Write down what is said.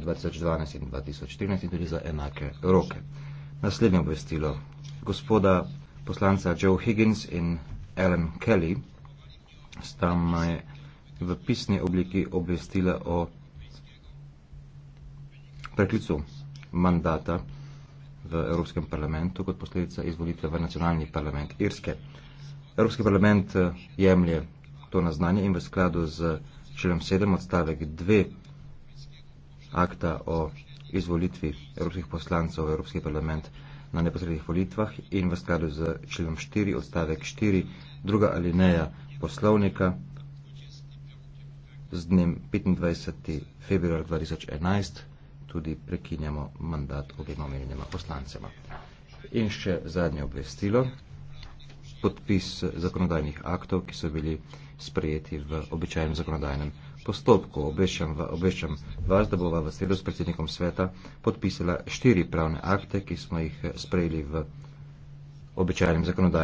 2012 in 2014 in tudi za enake roke. Naslednje obvestilo gospoda poslanca Joe Higgins in Alan Kelly sta me v pisni obliki obvestila o preklicu mandata v Evropskem parlamentu kot posledica izvolitve v nacionalni parlament Irske. Evropski parlament eh, jemlje to na znanje in v skladu z členom 7 odstavek 2 akta o izvolitvi evropskih poslancov v Evropski parlament na neposrednih volitvah in v skladu z členom 4, odstavek 4, druga alineja poslovnika z dnem 25. februar 2011 tudi prekinjamo mandat obema omenjenima poslancema. In še zadnje obvestilo, podpis zakonodajnih aktov, ki so bili sprejeti v običajnem zakonodajnem postopku. Obveščam, obveščam vas, da bova v sredo s predsednikom sveta podpisala štiri pravne akte, ki smo jih eh, sprejeli v običajnem zakonodajnem.